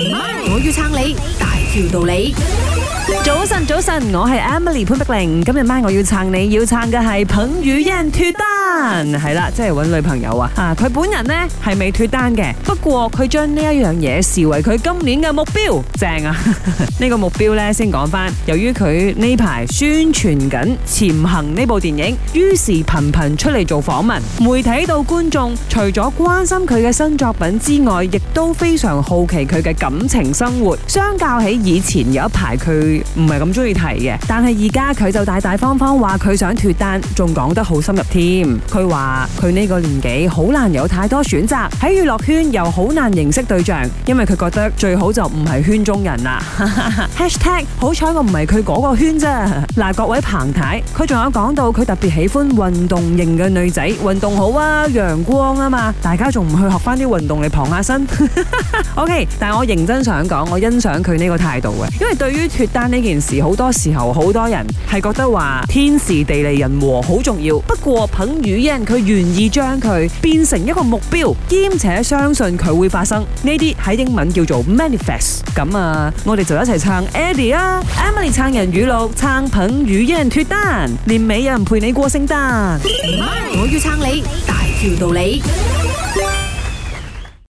MY，我要撐你，大條道理。早晨，早晨，我係 Emily 潘碧玲。今日 MY 我要撐你，要撐嘅係彭于晏脫單。係啦，即係揾女朋友啊！啊，佢本人呢係未脱單嘅，不過佢將呢一樣嘢視為佢今年嘅目標，正啊！呢 個目標呢，先講翻，由於佢呢排宣傳緊《潛行》呢部電影，於是頻頻出嚟做訪問。媒體到觀眾，除咗關心佢嘅新作品之外，亦都非常好奇佢嘅感情生活。相較起以前有一排佢唔係咁中意提嘅，但係而家佢就大大方方話佢想脱單，仲講得好深入添。佢話佢呢個年紀好難有太多選擇，喺娛樂圈又好難認識對象，因為佢覺得最好就唔係圈中人啦。 #hashtag 好彩我唔係佢嗰個圈啫。嗱、 啊，各位彭太，佢仲有講到佢特別喜歡運動型嘅女仔，運動好啊，陽光啊嘛，大家仲唔去學翻啲運動嚟傍下身 ？OK，但係我認真想講，我欣賞佢呢個態度嘅，因為對於脱單呢件事，好多時候好多人係覺得話天時地利人和好重要，不過彭主人佢願意將佢變成一個目標，兼且相信佢會發生。呢啲喺英文叫做 manifest。咁啊，我哋就一齊撐 Eddie 啊 ，Emily 撐人語錄，撐彭于晏脱單，年尾有人陪你過聖誕。 我要撐你大條道理。